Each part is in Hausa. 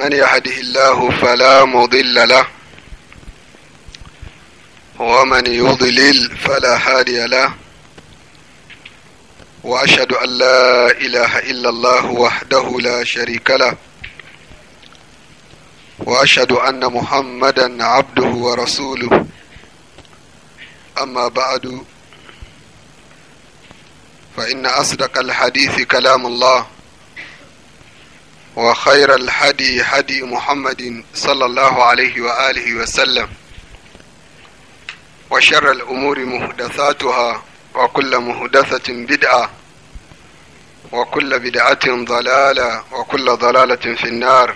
من يهده الله فلا مضل له ومن يضلل فلا هادي له وأشهد أن لا إله إلا الله وحده لا شريك له وأشهد أن محمدا عبده ورسوله أما بعد فإن أصدق الحديث كلام الله وخير الهدي هدي محمد صلى الله عليه وآله وسلم وشر الأمور محدثاتها وكل محدثة بدعة وكل بدعة ضلالة وكل ضلالة في النار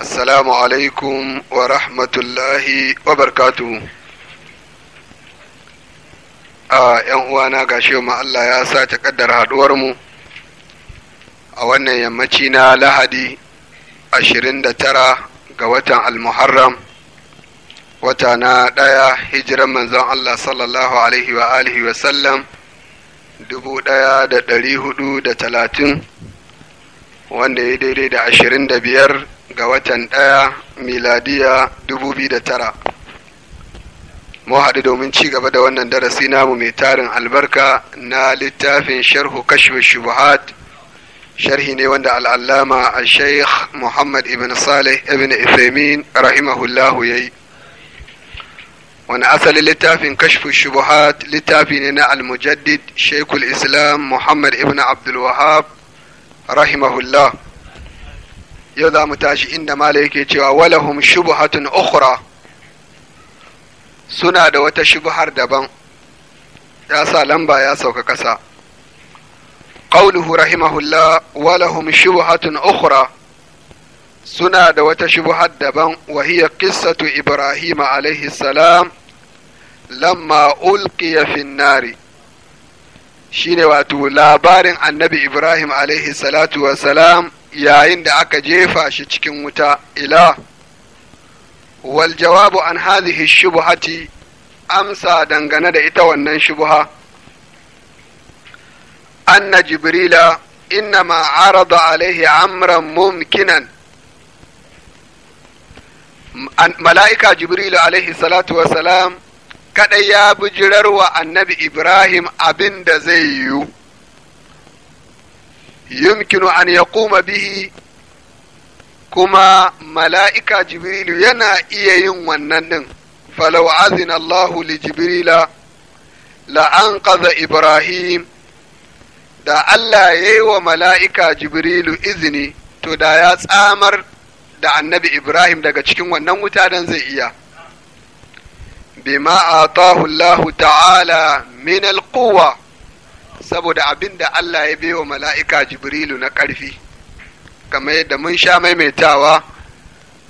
السلام عليكم ورحمة الله وبركاته آه يا أخوانا قاشيوما الله يا ساتك قدر هادورمو a wannan yammaci na lahadi 29 ga watan almuharram wata na ɗaya hijiran manzon Allah sallallahu alaihi wa alihi wa sallam dubu ɗaya da ɗari hudu da talatin wanda ya daidai da ashirin da biyar ga watan ɗaya miladiya dubu biyu da tara mu haɗu domin ci gaba da wannan darasi namu mai tarin albarka na littafin sharhu kashfi shubuhat sharhi ne wanda al'allama a sheikh muhammad ibn salih ibn Uthaymeen rahimahullahu ya yi wani asalin littafin kashfu shubuhat littafi ne na al-mujaddid islam muhammad ibn abdulwahab rahimahullah yau za mu tashi inda mala yake cewa walahum shubuhatun ukhra suna da wata shubuhar daban ya sa lamba ya sauka kasa qawluhu rahimahullah wa lahum shubhatun ukhra suna da wata shubhar daban wa hiya qissatu ibrahim alaihi salam lamma ulqiya fi nari shine wato labarin annabi ibrahim alaihi salatu wa salam yayin da aka jefa shi cikin wuta ila wal jawabu an hadhihi shubhati amsa dangane da ita wannan shubuha. أن جبريل إنما عرض عليه أمرا ممكنا ملائكة جبريل عليه الصلاة والسلام kaɗai ya bijirar wa annabi Ibrahim abinda zai yiwu, yumkinu an ya kuma bihi kuma mala'ika Jibrilu yana iya yin wannan ɗin, falau azin Allahu li Jibrila la'an Ibrahim da Allah ya yi wa mala'ika Jibrilu izini, to da ya tsamar da annabi Ibrahim daga cikin wannan wuta don zai iya. Bima a Allahu ta'ala min alƙuwa, saboda abin da Allah ya baiwa mala'ika Jibrilu na ƙarfi, kamar yadda mun sha maimaitawa,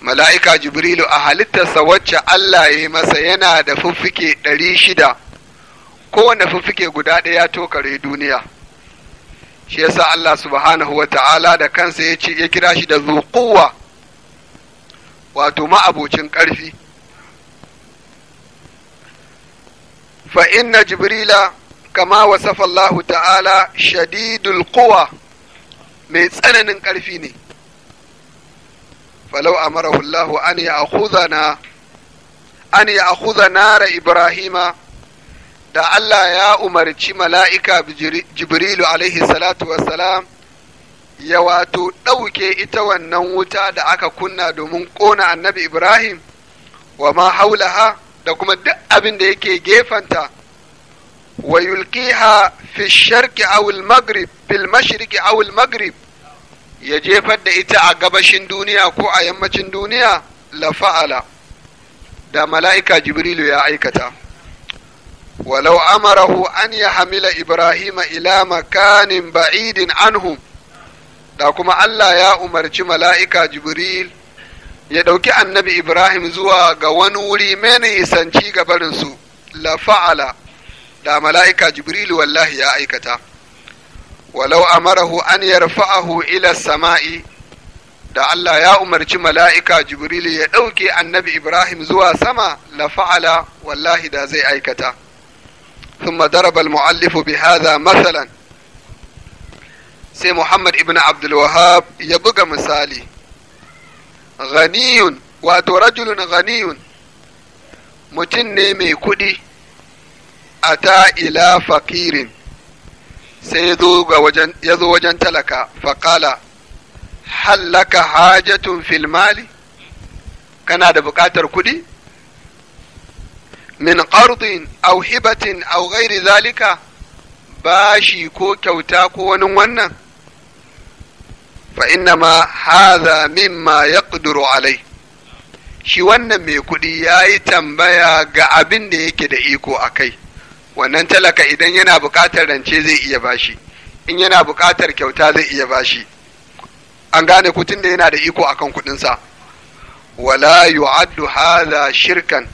mala'ika Jibrilu a halittarsa wacce Allah ya yi masa yana da fuffuke ɗari shida, kowane fuffuke guda ɗaya tokare duniya. shi yasa Allah subhanahu wa ta'ala da kansa ya ce ya kira shi da zuquwa wato ma'abocin ƙarfi fa inna jibrila kama wasafa Allah ta'ala shadidul kuwa mai tsananin ƙarfi ne falau amarahu Allah an ya akhudhana nara ibrahima da Allah ya umarci mala'ika Jibrilu alaihi salatu wassalam ya wato ɗauke ita wannan wuta da aka kunna domin ƙona annabi Ibrahim wa ma haulaha da kuma duk abin da yake gefanta wa yulkiha fi sharki awul magrib fil awul magrib ya jefar da ita a gabashin duniya ko a yammacin duniya la fa'ala da mala'ika Jibrilu ya aikata. ولو أمره أن يحمل إبراهيم إلى مكان بعيد عنهم da kuma Allah ya umarci mala'ika Jibril ya ɗauki annabi Ibrahim zuwa ga wani wuri mai isanci ga barinsu, la fa'ala, da mala'ika Jibril wallahi ya aikata. Walau amarahu an yarfa'ahu ila sama'i, da Allah ya umarci mala'ika Jibril ya ɗauke annabi Ibrahim zuwa sama, la fa'ala, wallahi da zai aikata. ثم ضرب المؤلف بهذا مثلا سي محمد ابن عبد الوهاب يبقى مثالي غني wato rajulun ghaniyun mutum ne mai kuɗi a ta ila fakirin sai ya zo wajen talaka faƙala hallaka hajatun filmali kana da buƙatar kuɗi min qardin aw hibatin aw ghairi zalika bashi ko kyauta ko wani wannan fa innama hadha mimma yaqdiru alai shi wannan mai kuɗi ya yi tambaya ga abin da yake da iko a kai wannan talaka idan yana buƙatar rance zai iya bashi in yana buƙatar kyauta zai iya bashi an gane kutin da yana da iko akan kuɗinsa wala yu'addu hadha shirkan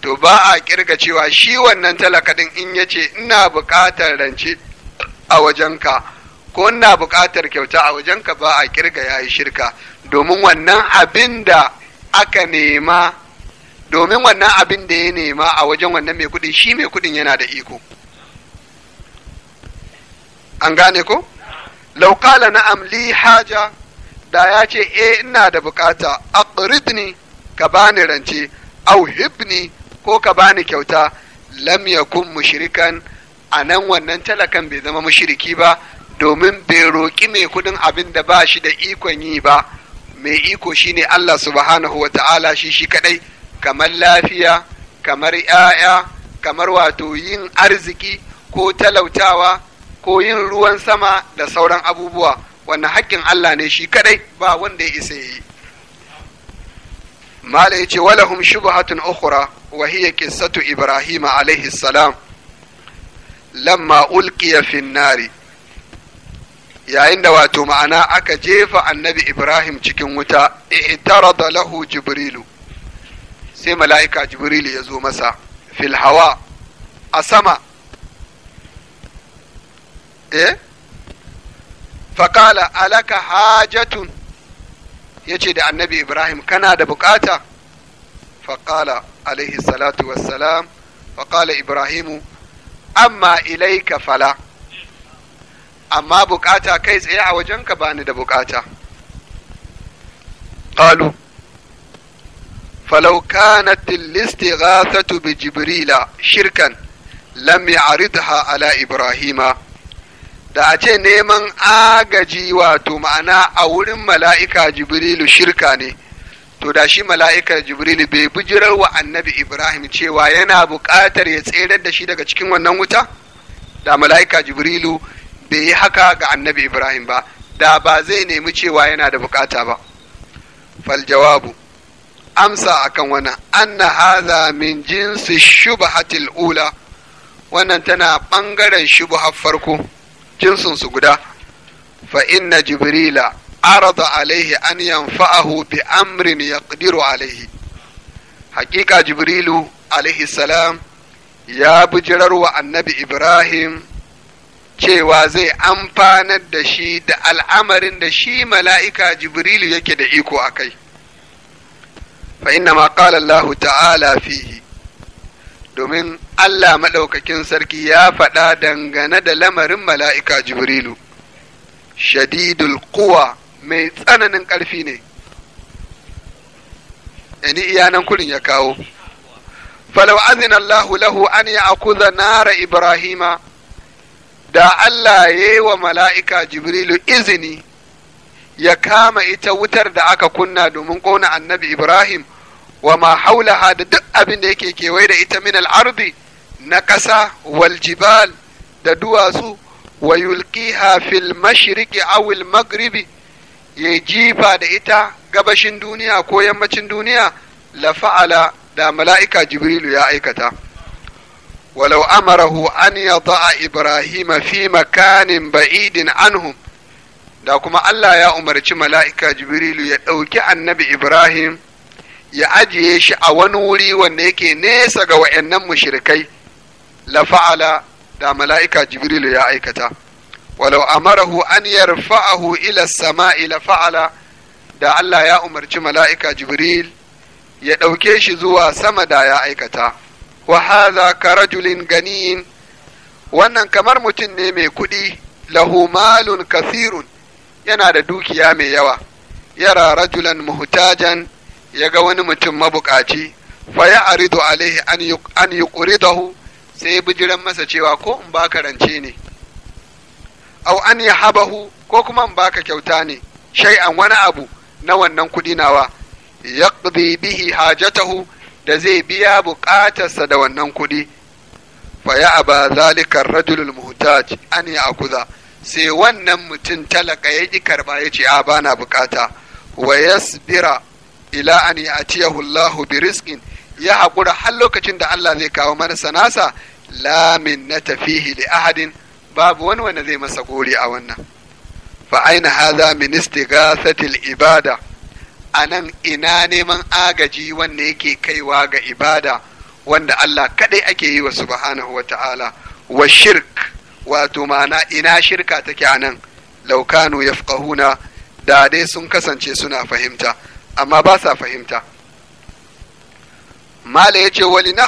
to ba a kirga cewa shi wannan talaka in ya ce ina buƙatar rance a wajenka ko ina buƙatar kyauta a wajenka ba a kirga ya yi shirka domin wannan abin da aka nema domin wannan abin da ya nema a wajen wannan mai kuɗi, shi mai kuɗin yana da iko an gane ko laukala na amli haja da ya ce e ina da bukata a ka bani rance au hibni ko ka bani kyauta lam yakun mushrikan a nan wannan talakan bai zama mushriki ba domin bai roƙi mai kuɗin abin da ba shi da ikon yi ba mai iko shine Allah subhanahu wa ta'ala shi shi kaɗai kamar lafiya kamar ‘ya'ya kamar wato yin arziki ko talautawa ko yin ruwan sama da sauran abubuwa wannan haƙƙin Allah ne shi kaɗai ba wanda ya isa yi mala yace walahum shubhatun ukhra wa hiya qissatu ibrahim alaihi salam lamma ulqiya fi yayin da wato ma'ana aka jefa annabi ibrahim cikin wuta i'tarada lahu jibrilu sai mala'ika jibrilu ya zo masa fil hawa a sama eh faƙala alaka hajatun ya ce da annabi ibrahim kana da bukata faƙala alaihi salatu wassalam faƙala ibrahimu amma ilaika fala amma bukata kai tsaye a wajenka ba ni da bukata ƙalu فلو كانت الاستغاثة بجبريل شركا لم يعرضها على إبراهيم da a ce neman agaji wato ma'ana a wurin mala'ika jibrilu shirka ne to da shi mala'ika jibrilu bai bijirar wa annabi ibrahim cewa yana buƙatar ya tserar da shi daga cikin wannan wuta da mala'ika jibrilu bai yi haka ga annabi ibrahim ba da ba zai nemi cewa yana da buƙata ba fal jawabu amsa akan wannan anna haza min jinsi shubhatil ula wannan tana ɓangaren shubhar farko jinsinsu guda fa inna jibrila arada alaihi an yanfa'ahu bi amrin yaqdiru alaihi haƙiƙa jibrilu alaihi salam ya bijirar wa annabi ibrahim cewa zai amfanar da shi da al'amarin da shi mala'ika jibrilu yake da iko a kai fa inna ma qala allah ta'ala fihi domin Allah maɗaukakin sarki ya faɗa dangane da lamarin mala'ika Jibrilu, shadidul kuwa mai tsananin ƙarfi ne, yani iyanan kurin ya kawo. Falau azin Allahu lahu an ya akuza nara Ibrahima, da Allah ya yi wa mala'ika Jibrilu izini ya kama ita wutar da aka kunna domin ƙona annabi Ibrahim. wa ma haulaha da duk abin da yake kewaye da ita min al'ardi na ƙasa waljibal da duwatsu wa yulqiha fil mashriqi aw al ya jifa da ita gabashin duniya ko yammacin duniya la fa'ala da mala'ika jibrilu ya aikata walau amarahu an yada'a ibrahima fi makanin ba'idin anhu. da kuma Allah ya umarci mala'ika jibrilu ya ɗauki annabi ibrahim ya ajiye shi a wani wuri wanda yake nesa ga wa'annan mushirikai la fa'ala da mala'ika Jibril ya aikata walau amarahu an yarfa'ahu ila sama'i la fa'ala da Allah ya umarci mala'ika jibril ya ɗauke shi zuwa sama da ya aikata wa hadha ka rajulin ganiyin wannan kamar mutum ne mai kuɗi lahu malun kathirun yana da dukiya mai yawa yara rajulan muhtajan ya ga wani mutum mabukaci fa ya rido alaihi an yi ƙuridahu sai bijiran masa cewa ko in baka rance ne au an haba habahu ko kuma in baka kyauta ne an wani abu na wannan kuɗi nawa ya bihi hajatahu da zai biya bukatarsa da wannan kuɗi fa ya aba zalikar rajulul muhtaj an yi akuza sai wannan mutum talaka ya ƙi karɓa ya ce a bana bukata wa yasbira ila an ya'tiyahu Allahu bi rizqin ya haƙura har lokacin da Allah zai kawo mana nasa la na tafihi li ahadin babu wani wanda zai masa gori a wannan fa aina hadha min istighathatil ibada anan ina neman agaji wanda yake kaiwa ga ibada wanda Allah kadai ake yi wa subhanahu wa ta'ala wa shirk wato ma'ana ina shirka take anan laukanu yafqahuna da dai sun kasance suna fahimta amma ba sa fahimta Malam yace ce wali na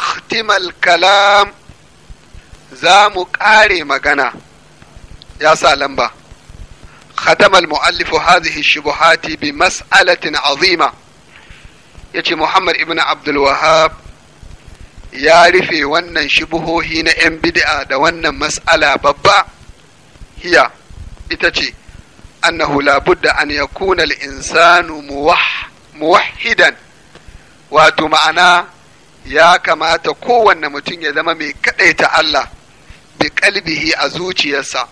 kalam za mu ƙare magana ya sa lamba ختم المؤلف هذه الشبهات بمسألة عظيمة يتي Yace Muhammad عبد Abdulwahab. ya rufe wannan shubuhohi na 'yan bid'a da wannan mas'ala babba hiya ita ce annahu labudda an yakuna al-insanu muwah muwahidan wato ma'ana ya kamata kowanne mutum ya zama mai kaɗaita Allah bi kalbihi a zuciyarsa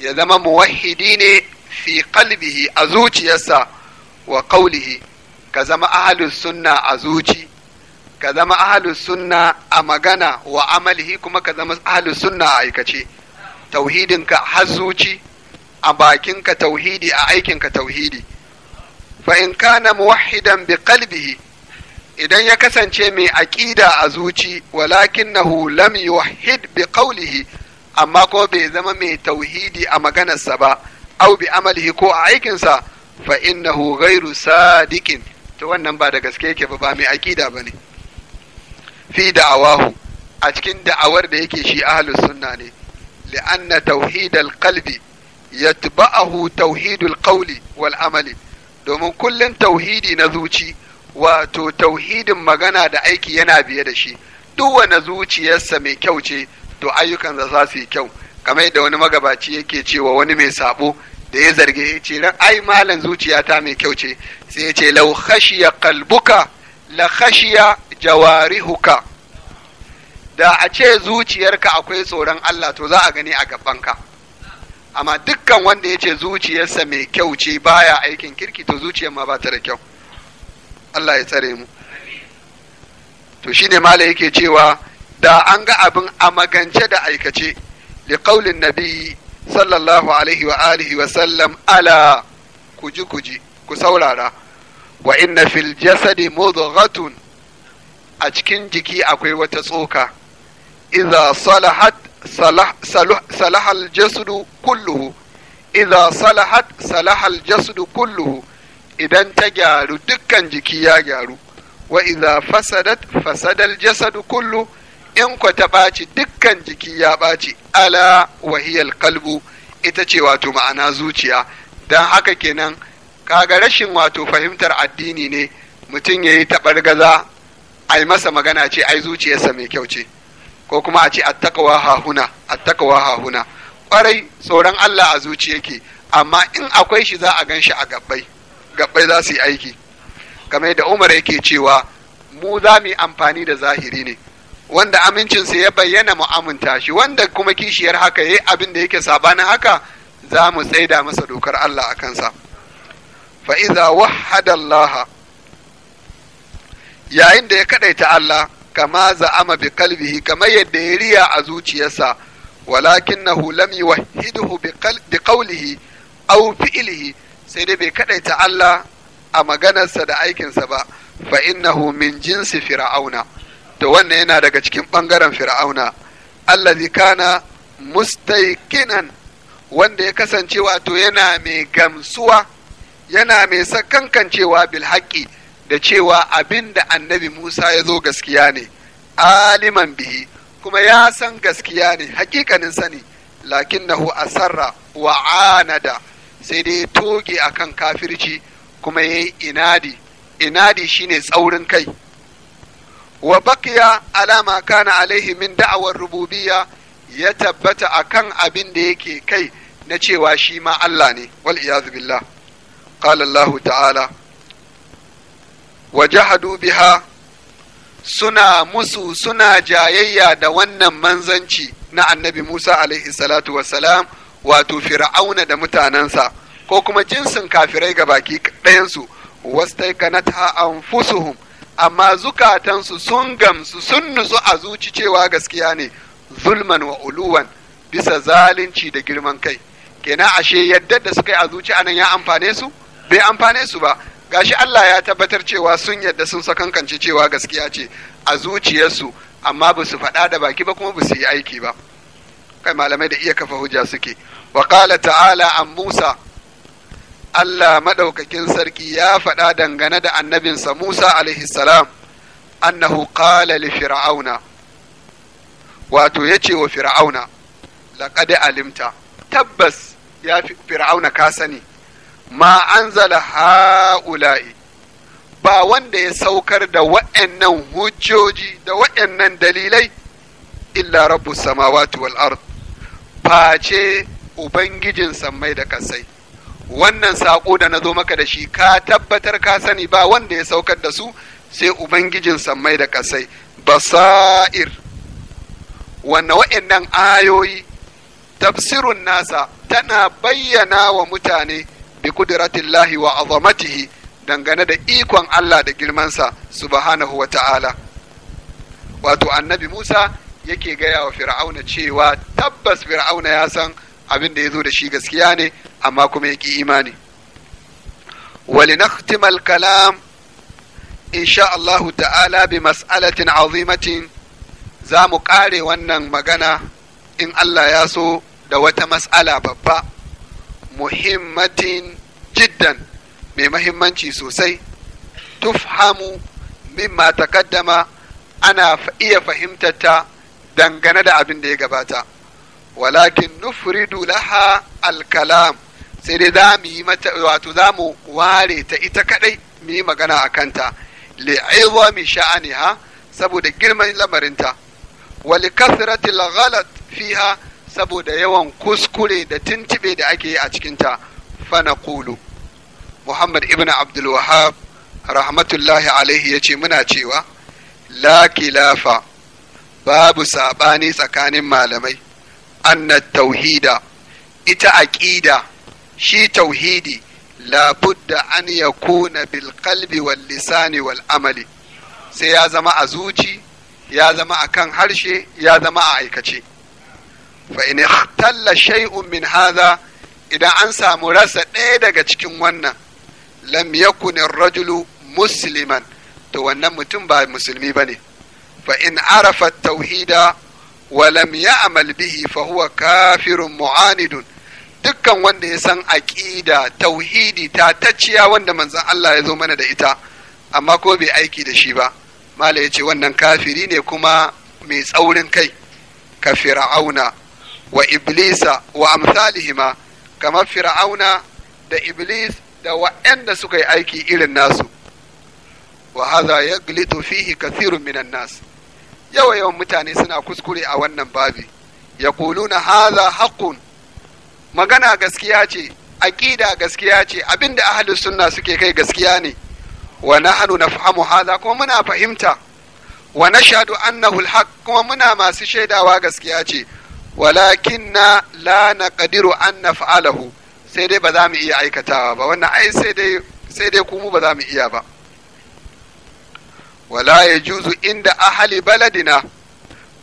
ya zama muwahidi ne fi kalbihi a zuciyarsa wa kaulihi ka zama ahalin sunna a zuci ka zama ahalin sunna a magana wa amalihi kuma ka zama ahalin sunna a aikace tauhidinka har zuci a bakinka tauhidi a aikinka tauhidi fa in kana muwahidan bi qalbihi idan ya kasance mai aƙida a zuci walakinahu lam yuwahhid bi qawlihi amma ko bai zama mai tauhidi a maganarsa ba au bi amalihi ko a aikinsa fa innahu ghairu sadiqin to wannan ba da gaske yake ba ba mai aƙida ba ne fi da'awahu a cikin da'awar da yake shi ahlus sunna ne li'anna tauhidal qalbi yatba'ahu tauhidul qawli wal amali domin kullum tauhidi na zuci wato tauhidin magana da aiki yana biye da shi duk wani zuciyarsa mai kyau ce to ayyukan za su yi kyau kamar da wani magabaci yake cewa wani mai sabo da ya zarge ya ce ran ai malam zuciyata mai kyau ce sai ya ce lau khashiya qalbuka la khashiya jawarihuka da a ce zuciyarka akwai tsoron Allah to za a gani a gabanka amma dukkan wanda ya ce zuciyarsa mai kyau ce baya aikin kirki to zuciyar ma ba ta da kyau Allah ya tsare mu to shine mala yake cewa da an ga abin a magance da aikace li qaulin nabi sallallahu alaihi wa alihi wa sallam ala kuji kuji ku saurara wa inna fil jasadi mudghatun a cikin jiki akwai wata tsoka idza salahat صلح الجسد كله إذا صلحت صلح الجسد كله إذا تجارو دكا جكيا جارو وإذا فسدت in ko ta ɓaci dukkan jiki ya ɓaci ala wahiyal kalbu ita ce wato ma'ana zuciya don haka kenan kaga rashin wato fahimtar addini ne mutum ya yi taɓar gaza a yi masa magana ce ai zuciyarsa mai kyau ce. ko kuma a ce attaqwa hahuna attaqwa hahuna kwarai tsoron Allah a zuci yake amma in akwai shi za a gan shi a gabbai gabbai za su yi aiki game da Umar yake cewa mu za mu yi amfani da zahiri ne wanda amincinsa ya bayyana mu aminta shi wanda kuma kishiyar haka yayi abin da yake sabanin haka za mu tsaida masa dokar Allah a kansa fa iza wahada Allah yayin da ya kadaita Allah kama za'ama bi kalbihi kamar yadda ya riya a zuciyarsa Walakin walakinahu lam yuwahhiduhu bi qawlihi aw fi'lihi sai dai bai kadaita Allah a maganarsa da aikinsa ba fa innahu min jinsi fir'auna to wannan yana daga cikin bangaren fir'auna allazi kana mustaikinan wanda ya kasance wato yana mai gamsuwa yana mai sakankancewa bil da cewa abin da annabi Musa ya zo gaskiya ne, aliman bihi, kuma ya san gaskiya ne, hakikanin sani, lakin nahu asarra wa anada sai dai toge akan kafirci kuma ya yi inadi, inadi shine tsaurin kai. Wa bakiya alama kana alaihi min da'awar rububiya ya tabbata akan abin da yake kai na cewa shi ma Allah ne, wal billah. قال الله تعالى Wajahadu biha suna musu suna jayayya da wannan manzanci na annabi Musa alaihi salatu salam wato fir'auna da mutanensa ko kuma jinsin kafirai ga baki ɗayansu wastaikanatha anfusuhum amma zukatansu sun gamsu sun nutsu a zuci cewa gaskiya ne zulman wa uluwan bisa zalunci da girman kai kenan ashe yadda da suka yi a zuci anan ya amfane su bai amfane su ba gashi Allah ya tabbatar cewa sun yadda sun sakankance cewa gaskiya ce a zuciyarsu amma ba su faɗa da baki ba kuma ba su yi aiki ba kai malamai da iya kafa hujja suke wa ta'ala an Musa Allah madaukakin sarki ya faɗa dangane da annabinsa Musa alaihi salam annahu qala li fir'auna wato yace wa fir'auna laqad alimta tabbas ya fir'auna ka sani ma anzala ha'ula'i ba wanda ya saukar da wa'annan hujjoji da wa'annan dalilai illa rabbu samawati wal ard face ubangijin sammai da kasai wannan saƙo da na zo maka da shi ka tabbatar ka sani ba wanda ya saukar da su sai ubangijin sammai da kasai basair wanne wa'annan ayoyi tafsirun nasa tana bayyana wa mutane bi qudratillahi wa azamatihi dangane da ikon Allah da girmansa subhanahu wa ta'ala wato annabi Musa yake gaya wa fir'auna cewa tabbas fir'auna ya san abin da ya zo da shi gaskiya ne amma kuma ya ƙi imani ولنختم ta'ala bi masalatin الله za mu ƙare wannan magana in allah ya so da wata masala babba مهمة jiddan mai mahimmanci sosai tufhamu mimma takaddama ana iya fahimtar ta dangane da abin da ya gabata walakin nufridu laha alkalam sai dai za mu yi mata wato za mu ware ta ita kadai mu yi magana a kanta sha'ani sha'aniha saboda girman lamarinta wa likasratil ghalat fiha saboda yawan kuskure da tintibe da ake yi a cikinta Fana Kulu Muhammad عبد Abdulwahab, rahmatullahi الله عليه يجي منا cewa لا كلاف babu saɓani tsakanin malamai anna tauhida ita aƙida shi tauhidi labudda an ya kuna bilkalbi wal lisani wal amali sai ya zama a zuci ya zama a kan harshe ya zama a aikace fa in talla shaiun min haza. idan an samu rasa ɗaya daga cikin wannan lam yakunin rajulu musliman to wannan mutum ba musulmi ba ne fa in arafa tauhida wa lam ya'mal bihi fa huwa kafirun mu'anidun dukkan wanda ya san aƙida tauhidi ta tacciya wanda manzon Allah ya zo mana da ita amma ko bai aiki da shi ba mala yace wannan kafiri ne kuma mai tsaurin kai ka fir'auna wa iblisa wa amsalihima kamar fir'auna da iblis da wa'anda suka yi aiki irin nasu wa ya glitu fihi kathirun minan nas yawa yawan mutane suna kuskure a wannan babi yaquluna haza haqqun magana gaskiya ce aqida gaskiya ce abinda ahlus sunna suke kai gaskiya ne wa nahnu nafhamu haza kuma muna fahimta wa nashhadu annahu alhaq kuma muna masu shaidawa gaskiya ce walakinna la kadiru an naf'alahu sai dai ba za mu iya aikatawa ba wannan ai sai dai kuma ba za mu iya ba wala yajuzu inda ahali baladina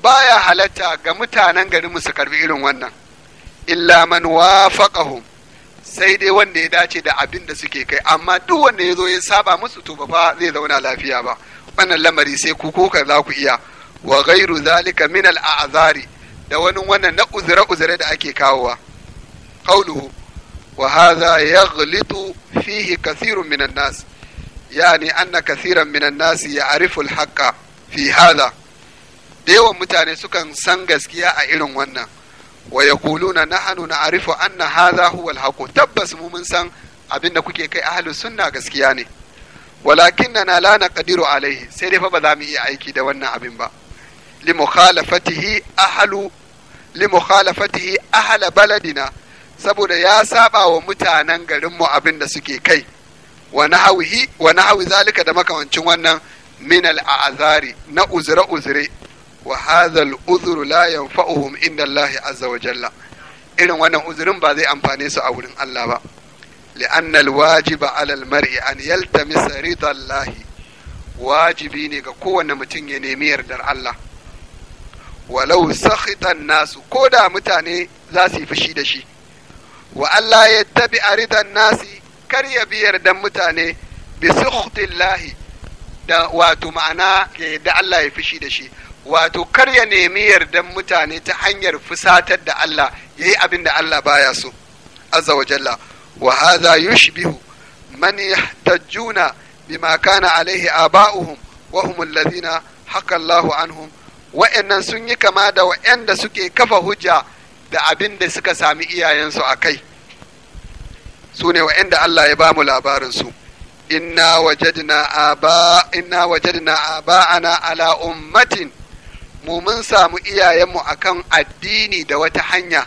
baya halatta ga mutanen garinmu mu su karbi irin wannan illa man wafaqahum sai dai wanda ya dace da abin da suke kai amma duk wanda ya zo ya saba musu to ba fa zai zauna lafiya ba wannan lamari sai ku ko za ku iya wa ghairu zalika min al-a'zari da wani wannan na uzure uzure da ake kawowa qawluhu wa hadha ya fihi kathirun minan nas yani anna kathiran minan nas ya ariful haqqa fi hadha da yawan mutane sukan san gaskiya a irin wannan wa hannu na arifu anna hadha huwa al-haqq tabbas mu mun san abin da kuke kai ahlus sunna gaskiya ne walakinna la naqdiru alaihi sai dai fa ba za mu iya aiki da wannan abin ba limukhalafatihi ahlu limukhalafatihi ahla baladina saboda ya saɓa wa mutanen garinmu abin da suke kai wa nahawihi zalika da makamancin wannan minal al'azari na uzure uzure wa hadha al'uzru la yanfa'uhum inda Allah azza wa jalla irin wannan uzurin ba zai amfane su a wurin Allah ba لأن الواجب على المرء أن يلتمس رضا الله ne ga kowane mutum ya nemi yardar Allah walau sakhitan nasu ko da mutane za su yi fushi da shi wa Allah ya tabi aridan nasi kar ya bi yarda mutane bi sukhtillahi da wato ma'ana ya yarda Allah ya fushi da shi wato kar ya nemi yardan mutane ta hanyar fusatar da Allah yayi abin da Allah baya so azza wa jalla wa hadha yushbihu man yahtajuna bima kana alaihi aba'uhum wa hum alladhina haka Allahu anhum wa'annan sun yi kama da wa'anda suke kafa hujja da abin da suka sami iyayensu a kai su ne wa'anda Allah ya ba mu labarinsu inna wajadna aba inna ala ummatin mu mun samu iyayenmu akan addini da wata hanya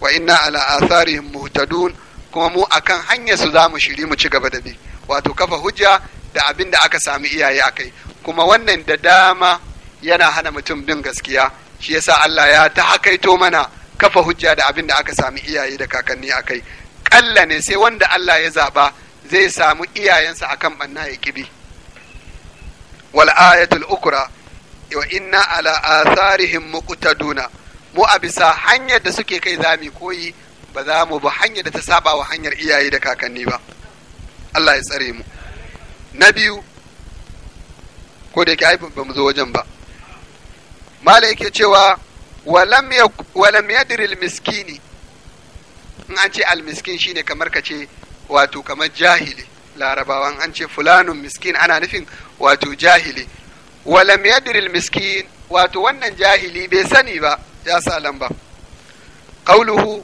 wa inna ala atharihim muhtadun kuma mu akan hanyar su zamu shiri mu ci gaba da bi wato kafa hujja da abin da aka sami iyaye a kai. kuma wannan da dama yana hana mutum bin gaskiya shi yasa Allah ya ta hakaito mana kafa hujja da abin da aka sami iyaye da kakanni a kai kalla ne sai wanda Allah ya zaba zai samu iyayensa akan banna ya kibi wal ayatul ukra wa inna ala atharihim muqtaduna mu a bisa hanyar da suke kai zami koyi ba za mu ba hanyar da ta saba wa hanyar iyaye da kakanni ba Allah ya tsare mu na biyu ko da yake ai ba mu zo wajen ba mala yake cewa walam yadril miskini in an ce almiskin shine kamar ka ce wato kamar jahili Larabawa an ce fulanun miskin ana nufin wato jahili walam yadril miskin wato wannan jahili bai sani ba ya sa lamba qauluhu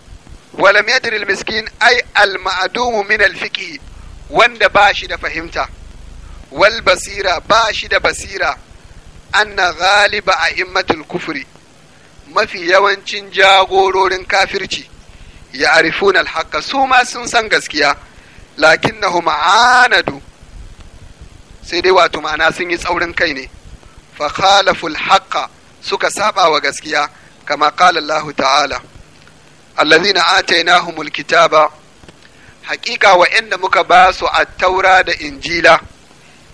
walam yadril miskin ai al ma'dumu min al fiqh wanda ba shi da fahimta wal basira ba shi da basira anna ghaliba a immatul kufri mafi yawancin jagororin kafirci ya arifun alhaka su ma sun san gaskiya lakin na anadu sai dai wato ma'ana sun yi tsaurin kai ne fa khalaful haqqa suka saba wa gaskiya kama qala Allah ta'ala allazina atainahumul kitaba haƙiƙa wa'anda muka ba su at-taura da injila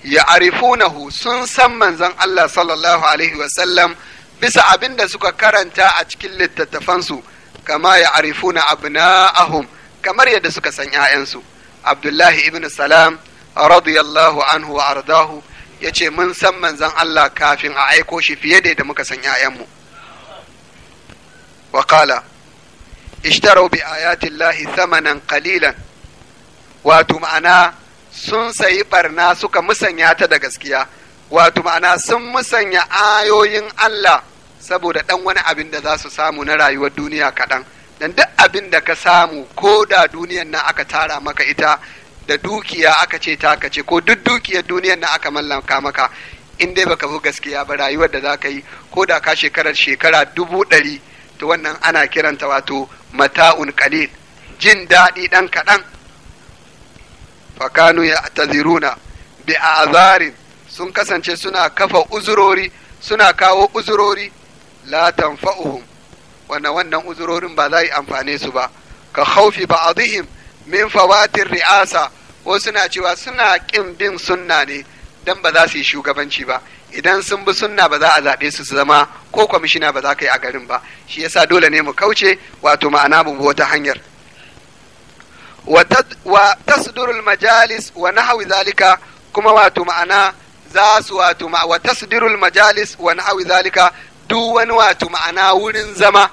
ya arifunahu sun san manzon Allah sallallahu alaihi wasallam bisa abin da suka karanta a cikin littattafansu kama ya abna'ahum kamar yadda suka san 'ya'yansu abdullahi ibn salam radiyallahu anhu wa ardahu ya ce mun san manzon Allah kafin a aiko shi fiye da yadda muka san 'ya'yanmu wa qala ishtaraw bi ayati llahi thamanan qalilan wato ma'ana sun sayi barna suka musanya ta da gaskiya wato ma'ana sun musanya ayoyin Allah saboda ɗan wani abin da za su samu na rayuwar duniya kaɗan dan duk abin da ka samu ko da duniyan na aka tara maka ita da dukiya aka ce ta ce ko duk dukiyar duniyan na aka mallaka maka in dai baka fi gaskiya ba rayuwar da za ka yi ko da ka shekarar shekara dubu ɗari to wannan ana kiranta wato mata'un qalil jin daɗi ɗan kaɗan fakanu ya taziruna bi azarin sun kasance suna kafa uzurori suna kawo uzurori la tanfa'uhum wannan wannan uzurorin ba za yi amfane su ba ka khaufi ba'dihim min fawatir ri'asa ko suna cewa suna kin bin sunna ne dan ba za su yi shugabanci ba idan sun bi sunna ba za a zaɓe su su zama ko kwamishina ba za ka yi a garin ba shi yasa dole ne mu kauce wato ma'ana mu wata hanyar wa tasdurul majalis wa nahawi zalika kuma wa tasdirul wani ma'ana wurin zama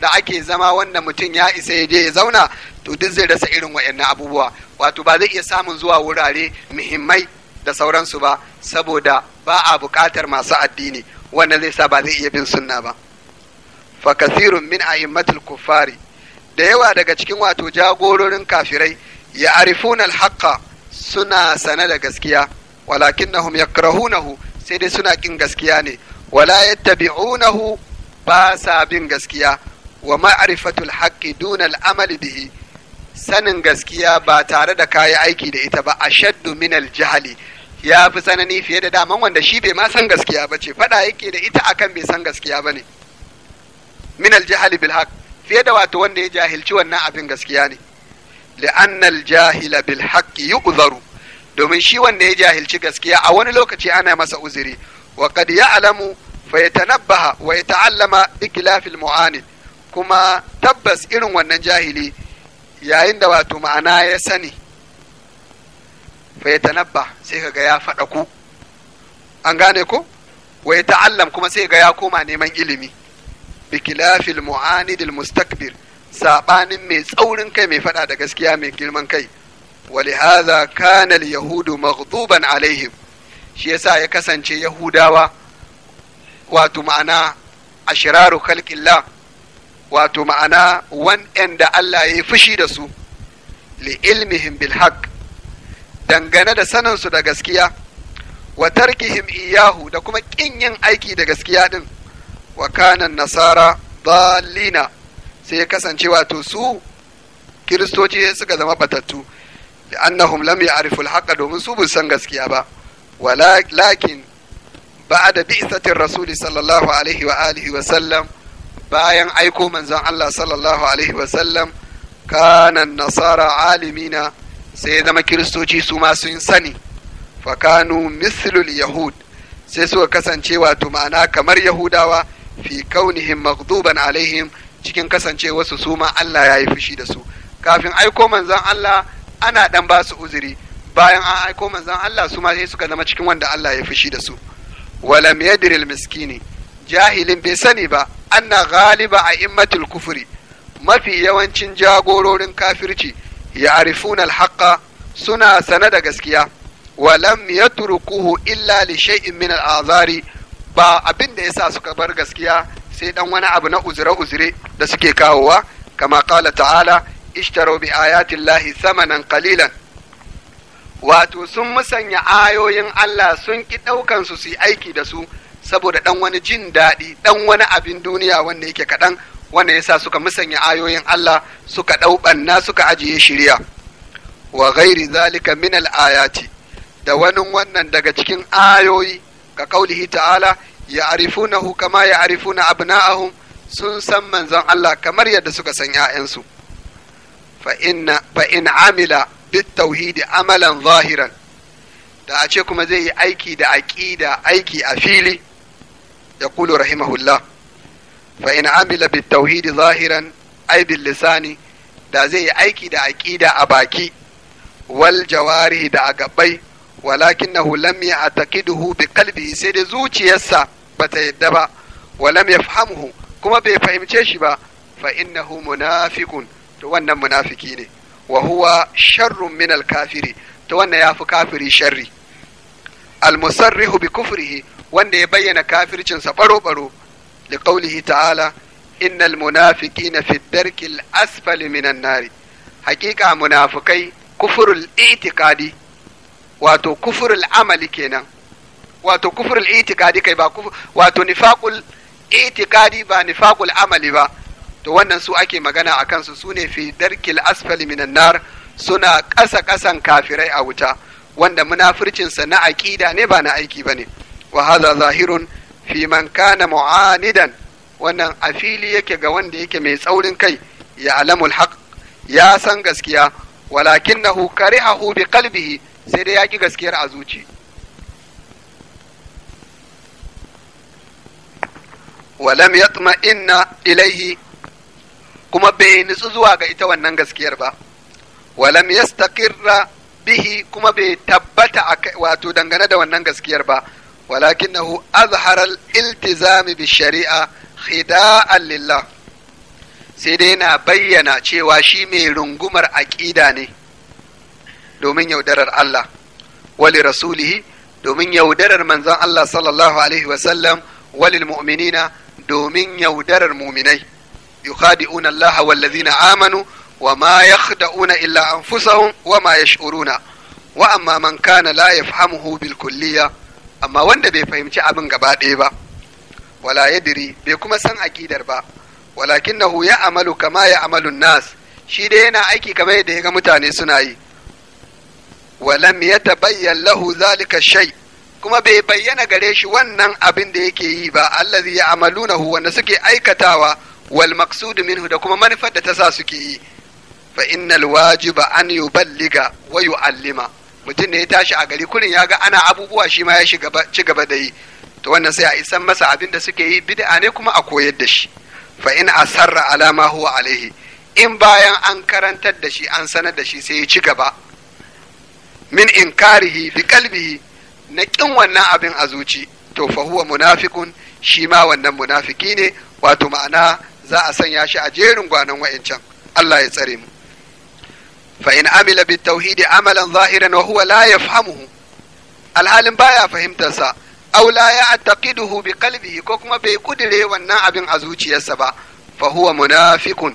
da ake zama wanda mutum ya isa ya je ya zauna to duk zai rasa irin wayannan abubuwa wato ba zai iya samun zuwa wurare muhimmai da sauransu ba saboda ba a buƙatar masu addini wanda zai sa ba zai iya bin sunna ba fa kathirun min a'immatul kuffari da yawa daga cikin wato jagororin kafirai ya arifuna alhaqa suna sane da gaskiya walakinnahum yakrahunahu sai dai suna kin gaskiya ne wala yattabi'unahu ba sa bin gaskiya wa ma'rifatul haqqi duna al'amali bihi sanin gaskiya ba tare da kayi aiki da ita ba ashaddu min aljahli ya fi sana'ni fiye da daman wanda shi bai ma san gaskiya ba ce faɗa yake da ita akan bai san gaskiya ba ne min aljihali bilhaq fiye da wato wanda ya jahilci wannan abin gaskiya ne li'annal jahila bil haqqi yu'zaru domin shi wanda ya jahilci gaskiya a wani lokaci ana masa uzuri wa ya alamu, fa yatanabbaha wa yata'allama bi mu'anid kuma tabbas irin wannan jahili yayin da wato ma'ana ya sani fa yatanabba sai kaga ya faɗa ku an gane ko wa yata'allam kuma sai ga ya koma neman ilimi bikilafil mu'anidil mustakbir sabanin mai tsaurin kai mai fada da gaskiya mai girman kai ولهذا kanal Yahudu مغضوبا alaihim shi yasa ya kasance yahudawa wato ma'ana ashiraru khalqillah wato ma'ana wanda Allah ya yi fushi da su li ilmihim bil haqq dangane da sanin su da gaskiya wa tarkihim iyahu da kuma kin yin aiki da gaskiya din wa kanan nasara balina sai ya kasance wato su kiristoci suka zama batattu annahum lam ya'rifu al-haqqa domin su san gaskiya ba walakin ba'da bi'satir rasuli sallallahu alaihi wa alihi wa sallam bayan aiko manzon Allah sallallahu alaihi wa sallam nasara alimina sai ya zama kiristoci su ma sun sani fa kanu mislul yahud sai suka kasance wato ma'ana kamar yahudawa fi kaunihim maghduban alaihim cikin kasancewarsu su ma Allah ya yi fushi da su kafin aiko manzon Allah ana dan ba su uzuri bayan an aiko manzon Allah su ma sai suka zama cikin wanda Allah ya fushi da su walam yadril miskini jahilin bai sani ba anna ghaliba a immatul kufri mafi yawancin jagororin kafirci ya arifuna alhaqa suna sana da gaskiya walam yatrukuhu illa li shay'in min al'azari ba abin da yasa suka bar gaskiya sai dan wani abu na uzure-uzure da suke kawowa kama kala ta'ala ishtaro bi ayatin lahi samanan kalilan wato sun musanya ayoyin Allah sun ki ɗaukan su su aiki da su saboda dan wani jin daɗi dan wani abin duniya wanda yake kaɗan wanda yasa suka musanya ayoyin Allah suka ɗau ɓanna suka ajiye shirya wa ghairi zalika min al-ayati da wani wannan daga cikin ayoyi ka kaulihi ta'ala ya arifunahu kama ya arifuna abna'ahum sun san manzon Allah kamar yadda suka san ‘ya'yansu, fa'in amila bit tauhidi amalan zahiran, da a ce kuma zai yi aiki da aƙida aiki a fili, ya kulu rahimahullah, fa'in amila bit tauhidi zahiran aibin lisani, da zai yi aiki da aƙida a baki, wal jawari da a gabai, walakinahu lam ya'taqiduhu bi qalbihi sai dai zuciyarsa bata yadda ba wa lam yafhamhu kuma bai fahimce shi ba fa innahu munafiqun to wannan munafiki ne Wahuwa sharrun min al-kafiri to wannan yafi kafiri sharri al-musarrihu bi kufuri! wanda ya bayyana kafircinsa baro baro li qawlihi ta'ala innal munafiqina fi ad-darki al-asfali minan nari haqiqa munafikai kufrul i'tiqadi wato kufrul amali kenan wato kufrul kai ba kufur wato nifaqul itikadi ba nifaqul amali ba to wannan su ake magana a kansu su ne fi darkil asfali minan nar suna ƙasa ƙasan kafirai a wuta wanda munafircinsa na aƙida ne ba na aiki ba ne wa hadha zahirun fi man kana mu'anidan wannan a fili yake ga wanda yake mai tsaurin kai ya alamul haq ya san gaskiya walakinnahu karihahu bi qalbihi sai dai ya ƙi gaskiyar a zuci walam yatma inna ilaihi kuma bai nutsu zuwa ga ita wannan gaskiyar ba walam yastaqirra bihi kuma bai tabbata wato dangane da wannan gaskiyar ba walakinahu azhara al-iltizami bi shari'a khida'an lillah sai dai yana bayyana cewa shi mai rungumar aƙida ne domin yaudarar Allah wali rasulihi domin yaudarar manzon Allah sallallahu alaihi wasallam domin yaudarar muminai yukhadi'una Allah wallazina amanu wa ma yakhda'una illa anfusahum wa ma yash'uruna wa amma man kana la yafhamuhu bil kulliya amma wanda bai fahimci abin gaba ɗaya ba wala bai kuma san aƙidar ba walakinnahu ya amalu kama ya amalu nas shi dai yana aiki kamar yadda ya ga mutane suna yi walam ya tabayyan lahu zalika shai. kuma bai bayyana gare shi wannan abin da yake yi ba allazi ya amalunahu wanda suke aikatawa wal min minhu da kuma manufar da ta sa suke yi fa innal wajiba an yuballiga wa yu'allima mutum ne ya tashi a gari kurin ya ga ana abubuwa shi ma ya ci gaba da yi to wannan sai a isan masa abin da suke yi bid'a ne kuma a koyar da shi fa in asarra alama huwa alaihi in bayan an karantar da shi an sanar da shi sai ya ci gaba min inkarihi bi kalbihi na kin wannan abin a zuci to fa huwa munafiqun shi ma wannan munafiki ne wato ma'ana za a sanya shi a jerin gwanon wa'incan Allah ya tsare mu fa in amila bit tauhidi amalan zahiran wa huwa la yafhamuhu alhalin baya fahimtar sa aw la ya'taqiduhu bi qalbihi ko kuma bai kudire wannan abin a zuciyarsa ba fa huwa munafiqun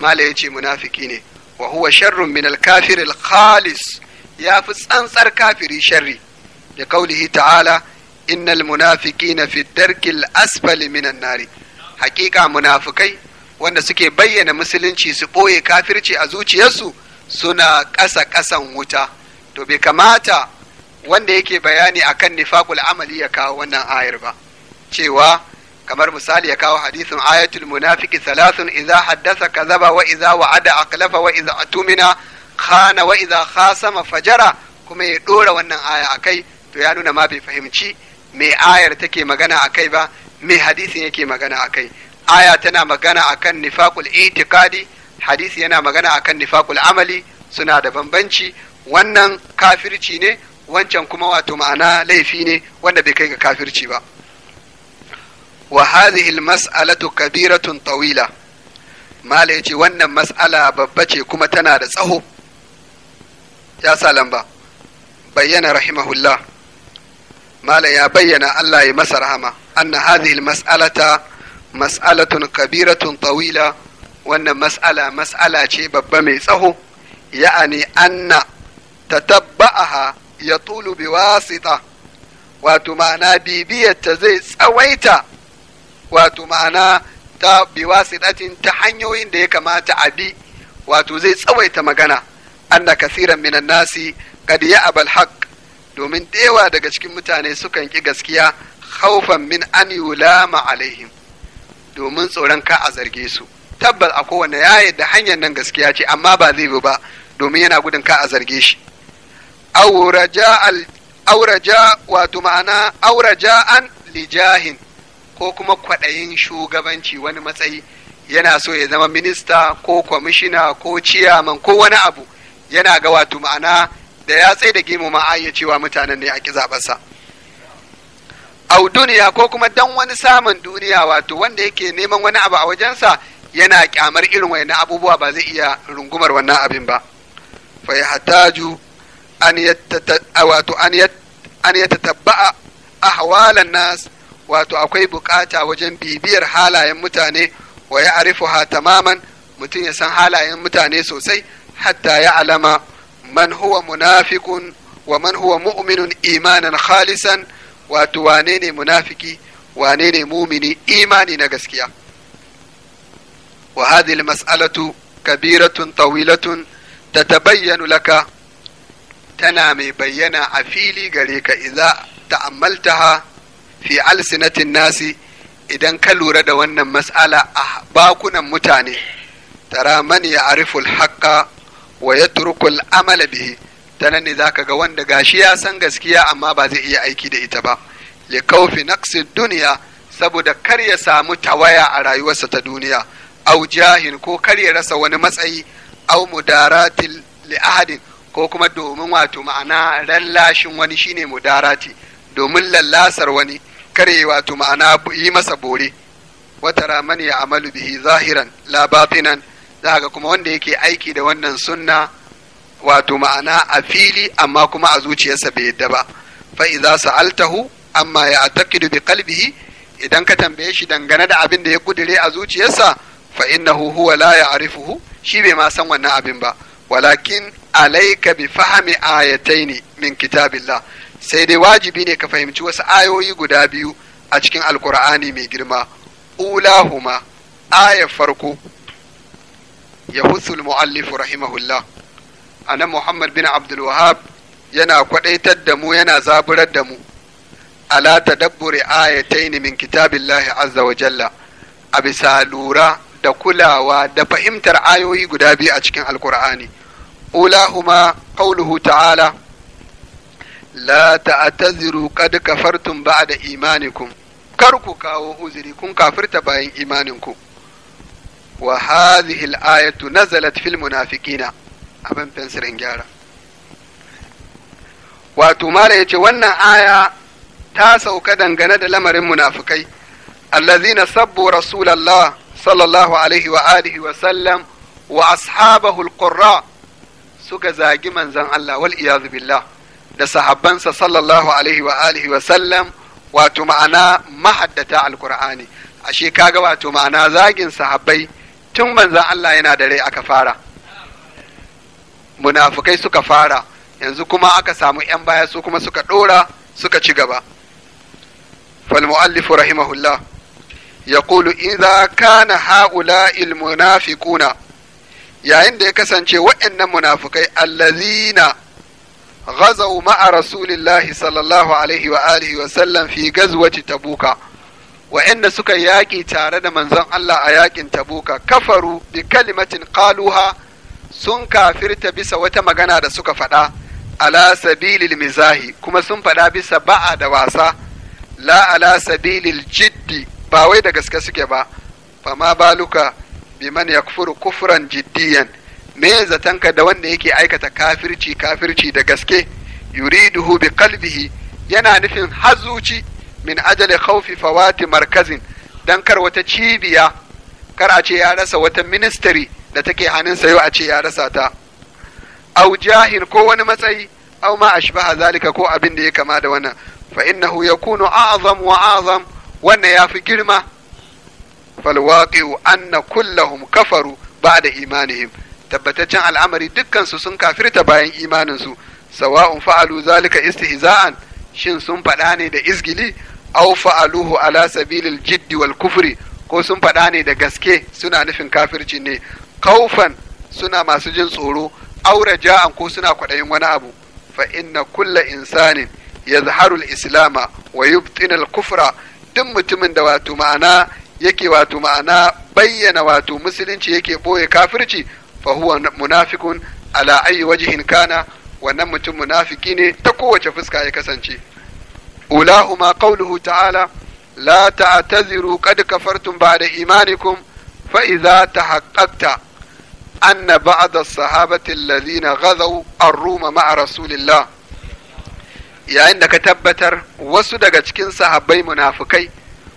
mala yace munafiki ne wa huwa sharrun min al-kafir al-khalis ya fi tsantsar kafiri sharri da kaulihi ta'ala innal munafiqina fi darkil asfali minan nari hakika munafikai wanda suke bayyana musulunci su ɓoye kafirci a zuciyarsu suna ƙasa ƙasan wuta to bai kamata wanda yake bayani akan nifaqul amali ya kawo wannan ayar ba cewa kamar misali ya kawo hadisin ayatul munafiki thalathun idza haddasa kazaba wa idza wa'ada aqlafa wa idza atumina khana wa iza khasama fajara kuma ya ɗora wannan aya akai to ya nuna ma bai fahimci me ayar take magana akai ba me hadisin yake magana akai aya tana magana akan nifaqul itikadi, hadisi yana magana akan nifaqul amali suna da bambanci wannan kafirci ne wancan kuma wato ma'ana laifi ne wanda bai kai ga kafirci ba wa hadhihi almas'alatu kabiratun tawila mala yace wannan mas'ala babba ce kuma tana da tsaho ya sa lamba bayyana rahimahullah malam ya bayyana Allah ya masa rahama anna hadhihi mas'alata mas'alatun kabiratun tawila wannan mas'ala mas'ala ce babba mai tsaho ya'ani anna tatabba'aha ya tulu bi wasita wato ma'ana bibiyarta zai tsawaita wato ma'ana ta bi wasitatin ta hanyoyin da ya kamata a bi wato zai tsawaita magana anna kasiran minan nasi qad ya'abal al-haq domin dewa daga cikin mutane sukan ki gaskiya khawfan min an yulama alaihim domin tsoron ka a zarge su tabbas a kowane ya yadda hanyar nan gaskiya ce amma ba zai bi ba domin yana gudun ka a zarge shi auraja wato ma'ana auraja'an lijahin ko kuma kwaɗayin shugabanci wani matsayi yana so ya zama minista ko kwamishina ko ciyaman ko wani abu yana ga wato ma'ana da ya tsaye da gemu ma a cewa mutanen ne a ki zaɓarsa au duniya ko kuma dan wani samun duniya wato wanda yake neman wani abu a wajensa yana kyamar irin na abubuwa ba zai iya rungumar wannan abin ba fa yahtaju an wato an nas wato akwai bukata wajen bibiyar halayen mutane wa ya arifu ha tamaman mutum ya san halayen mutane sosai hatta ya alama man huwa munafikun wa man huwa mu'minun imanan khalisan wato wane ne munafiki wane ne mumini imani na gaskiya wahadil mas'alatu kabiratun tawilatun tatabayyanu laka tana mai bayyana a fili gare ka idza ta'ammaltaha fi alsinatin nasi idan ka lura da wannan mas'ala a bakunan mutane tara man ya ariful haqqa wa ya turkul amala bihi ta nan ne za ka ga wanda gashi ya san gaskiya amma ba zai iya aiki da ita ba li kaufi naqsi duniya saboda kar ya samu tawaya a rayuwarsa ta duniya au jahin ko kar ya rasa wani matsayi au mudaratil li ahadin ko kuma domin wato ma'ana lallashin wani shine mudarati domin lallasar wani kare wato ma'ana yi masa bore wata ramani ya amalu bihi zahiran la batinan za ga kuma wanda yake aiki da wannan sunna wato ma'ana a fili amma kuma a zuciyarsa bai yadda ba fa idza sa'altahu amma ya taqidu bi qalbihi idan ka tambaye shi dangane da abin da ya kudire a zuciyarsa fa innahu huwa la ya'rifuhu shi bai ma san wannan abin ba walakin alayka bi fahmi ayataini min kitabillah sai dai wajibi ne ka fahimci wasu ayoyi guda biyu a cikin alkur'ani mai girma ulahuma ayar farko يحث المؤلف رحمه الله أنا محمد بن عبد الوهاب ينا قديت yana ينا زابر mu. ألا تدبر آيتين من كتاب الله عز وجل أبي سالورا da kulawa da fahimtar ayoyi guda biyu a cikin alkur'ani ulahuma qauluhu ta'ala la ta'taziru qad kafartum ba'da imanikum kar ku kawo uzuri kun kafirta bayan imaninku wa hadhihi al-ayatu nazalat fil munafiqina abin fensirin gyara wato mala yace wannan aya ta sauka dangane da lamarin munafikai allazina sabbu rasulallah sallallahu alaihi wa alihi wa sallam wa ashabahu alqurra suka zagi manzon Allah wal iyad billah da sahabbansa sallallahu alaihi wa wa sallam wato ma'ana mahaddata alqur'ani ashe kaga wato ma'ana zagin sahabbai tun manzan Allah yana da rai aka fara munafukai suka fara yanzu kuma aka samu 'yan baya su kuma suka ɗora suka ci gaba falmu'allifu rahimahullah الله يقول إذا كان هؤلاء المنافقون yayin da ya kasance waɗannan munafukai allazina غزوا مع رسول الله صلى الله عليه وآله وسلم في غزوة تبوك Waɗanda suka yaki tare da manzon Allah a yaƙin tabuka kafaru bi kalimatin qaluha sun kafirta bisa wata magana da suka faɗa ala sabilil mizahi kuma sun faɗa bisa ba'a da wasa la ala sabilil jiddi ba wai da gaske suke ba fama baluka biman yakfuru kufran jiddiyan me zatonka da wanda yake aikata kafirci kafirci da gaske yuriduhu bi qalbihi yana nufin hazuci min ajali khawfi fawati markazin dan kar wata cibiya kar a ce ya rasa wata ministry da take hannunsa yau a ce ya rasa ta au jahin ko wani matsayi au ma ashbaha zalika ko abin da ya kama da wannan fa innahu yakunu a'zam wa a'zam wannan yafi girma fal waqi'u anna kullahum kafaru ba'da imanihim tabbataccen al'amari dukkansu sun kafirta bayan imaninsu sawa'un fa'alu zalika istihza'an shin sun faɗa ne da izgili aw fa'aluhu ala sabilil jiddi wal kufri ko sun faɗa ne da gaske suna nufin kafirci ne kaufan suna masu jin tsoro aure ja'an ko suna kwaɗayin wani abu fa inna kulla insanin yazharu islama wa yubtinu al-kufra duk mutumin da wato ma'ana yake wato ma'ana bayyana wato musulunci yake boye kafirci fa huwa ala ayi wajhin kana wannan mutum munafiki ne ta kowace fuska ya kasance أولاهما قوله تعالى لا تعتذروا قد كفرتم بعد إيمانكم فإذا تحققت أن بعض الصحابة الذين غزوا الروم مع رسول الله yayin da ka tabbatar wasu daga cikin sahabbai munafukai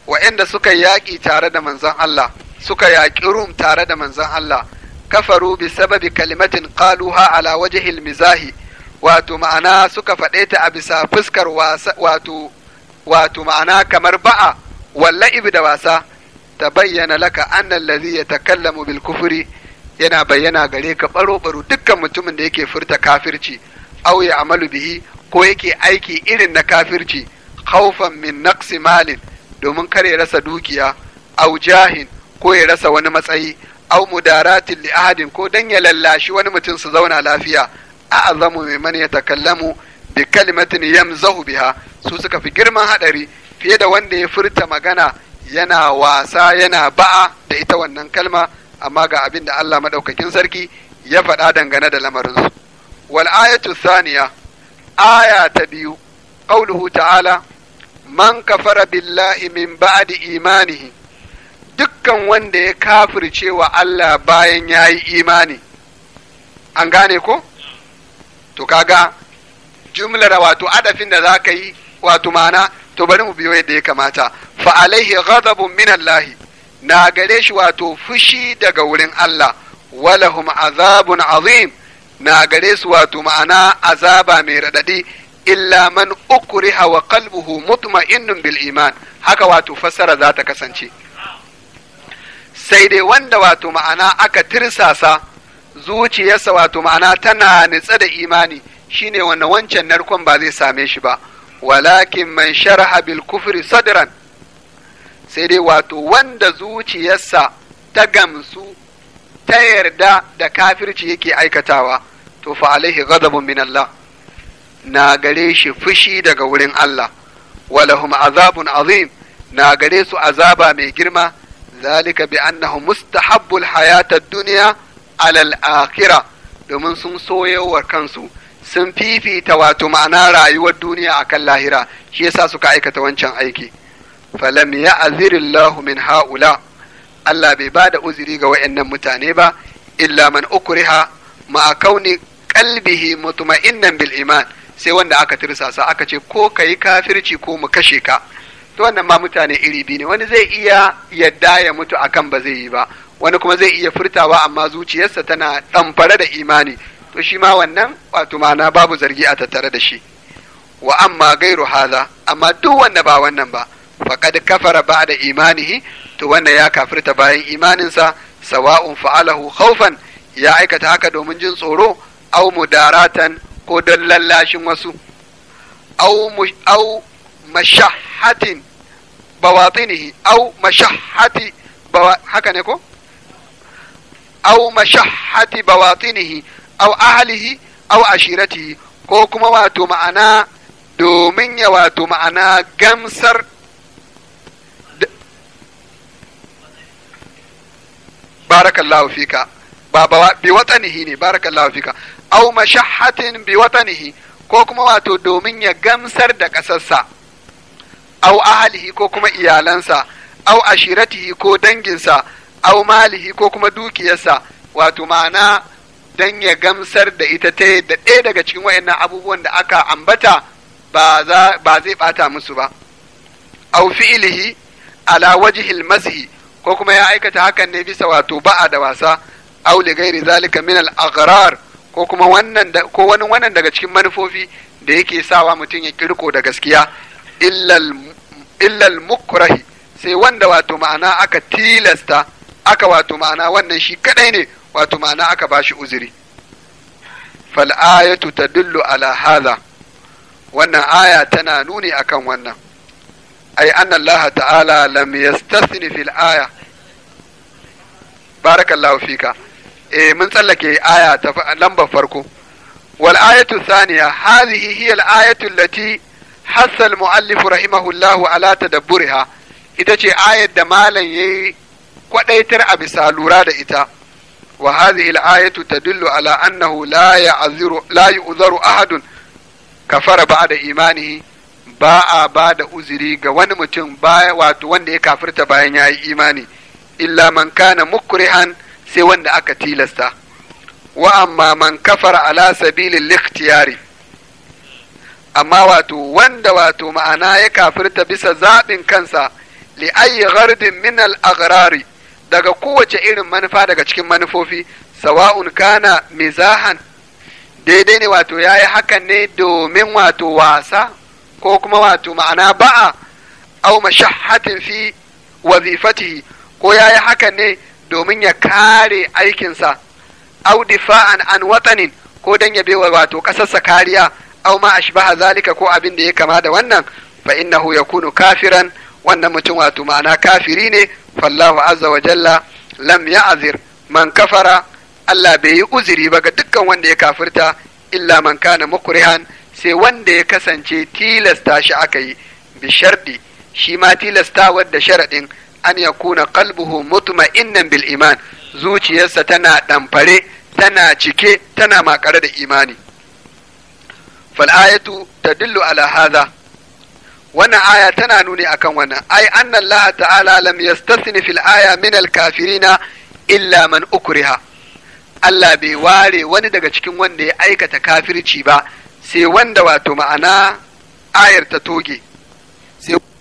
waɗanda suka yaƙi tare da manzon Allah suka yaƙi Rum tare da manzan Allah kafaru bi sababi kalimatin qaluha ala wajhil mizahi wato ma'ana suka faɗe ta a bisa fuskar wato wato ma'ana kamar ba'a walla ibi da wasa ta bayyana laka annal ladhi yatakallamu bil kufuri yana bayyana gare ka baro baro dukkan mutumin da yake furta kafirci au ya amalu bihi ko yake aiki irin na kafirci khawfan min naqsi malin domin kar ya rasa dukiya aw jahin ko ya rasa wani matsayi au mudaratin li ahadin ko dan ya lallashi wani mutum su zauna lafiya a'azamu mimman yatakallamu bi kalimatin yamzahu biha su suka fi girman hadari fiye da wanda ya furta magana yana wasa yana ba'a da ita wannan kalma amma ga abin da Allah madaukakin sarki ya faɗa dangane da lamarinsu wal ayatu thaniya aya ta biyu qauluhu ta'ala man kafara billahi min ba'di imanihi dukkan wanda ya kafircewa Allah bayan yayi imani an gane ko to kaga jumlar wato adafin da za ka yi wato mana to bari mu biyo yadda ya kamata fa alaihi ghadabun min Allah na gare shi wato fushi daga wurin Allah walahum azabun azim na gare su wato ma'ana azaba mai raɗaɗi. illa man ukriha wa qalbuhu mutma'innun bil iman haka wato fassara za ta kasance sai dai wanda wato ma'ana aka tirsasa zuciyarsa wato ma'ana tana nitsa da imani shine wanda wancan narkon ba zai same shi ba walakin man sharaha bil kufri sadran sai dai wato wanda zuciyarsa ta gamsu ta yarda da kafirci yake aikatawa to fa alaihi ghadabun min Allah na gare shi fushi daga wurin Allah walahum azabun azim na gare su azaba mai girma zalika bi annahu mustahabbul hayatad duniya alal akhira domin sun soyewar kansu sun fifita wato ma'ana rayuwar duniya akan lahira shi yasa suka aikata wancan aiki falam ya'zirillahu min haula Allah bai ba da uzuri ga wayannan mutane ba illa man ukriha ma kauni kalbihi mutma'innan bil iman sai wanda aka tirsasa aka ce ko kai kafirci ko mu kashe ka to wannan ma mutane iri biyu ne wani zai iya yadda ya mutu akan ba zai yi ba wani kuma zai iya furtawa amma zuciyarsa tana ɗamfare da imani to shi ma wannan wato ma'ana babu zargi a tattare da shi wa amma gairu haza amma duk wanda ba wannan ba faqad kafara ba'da imanihi to wannan ya kafirta bayan imaninsa sawa'un fa'alahu khawfan ya aikata haka domin jin tsoro au mudaratan ko don lallashin wasu au mashahatin bawatinihi au mashahati haka ne ko aw mashahhati bawatinihi aw ahlihi aw ashiratihi ko kuma wato ma'ana domin ya wato ma'ana gamsar barakallahu fika ba bi watanihi ne barakallahu fika aw mashahhatin bi watanihi ko kuma wato domin ya gamsar da ƙasarsa aw ahlihi ko kuma iyalansa aw ko danginsa au malihi ko kuma dukiyarsa wato ma'ana dan ya gamsar da ita ta yadda ɗaya daga cikin wayannan abubuwan da aka ambata ba zai ɓata musu ba au fi'ilihi ala wajihil masihi ko kuma ya aikata hakan ne bisa wato ba'a da wasa au li ghairi zalika min al agrar ko kuma wannan da ko wani wannan daga cikin manufofi da yake sawa mutum ya kirko da gaskiya illal illal mukrahi sai wanda wato ma'ana aka tilasta aka wato ma'ana wannan shi kadai ne wato ma'ana aka bashi uzuri fal ayatu tadullu ala hadha wannan aya tana nuni akan wannan ai anna Allah ta'ala lam yastathni fil aya barakallahu fika E mun tsallake aya ta lambar farko wal ayatu thaniya hadhihi hiya al ayatu allati hassa al muallif rahimahullahu ala tadabburiha ita ce ayat da malam yayi kwaɗaitar a bisa lura da ita wa hadhihi al-ayatu tadullu ala annahu la ya'ziru la yu'zaru ahadun kafara ba'da imanihi ba a ba da uzuri ga wani mutum baya wato wanda ya kafirta bayan ya yi imani illa man kana mukrihan sai wanda aka tilasta wa amma man kafara ala likhtiyari amma wato wanda wato ma'ana ya kafirta bisa zaɓin kansa li ayi ghardin min al-aghrari daga kowace irin manufa daga cikin manufofi sawa'un kana mizahan daidai ne wato ya yi hakan ne domin wato wasa ko kuma wato ma'ana ba'a au mashahhatin fi wazifatihi ko ya yi hakan ne domin ya kare aikinsa au difa'an an watanin ko don ya bewa wato ƙasarsa kariya au ma ashbaha zalika ko abin da ya kama da wannan fa innahu yakunu kafiran wannan mutum wato ma'ana kafiri ne fallahu azza wa jalla lam ya'zir man kafara Allah bai yi uzuri ba ga dukkan wanda ya kafirta illa man kana mukrihan sai wanda ya kasance tilasta shi aka yi bi sharɗi shi ma tilasta wadda sharaɗin an ya kuna kalbuhu mutma'innan bil iman zuciyarsa tana ɗamfare tana cike tana makare da imani fal'ayatu ta dillu ala hadha wannan aya tana nuni akan wannan ai anna Allah ta'ala lam yastasni fil aya min al kafirina illa man ukriha Allah bai ware wani daga cikin wanda ya aikata kafirci ba sai wanda wato ma'ana ayar ta toge sai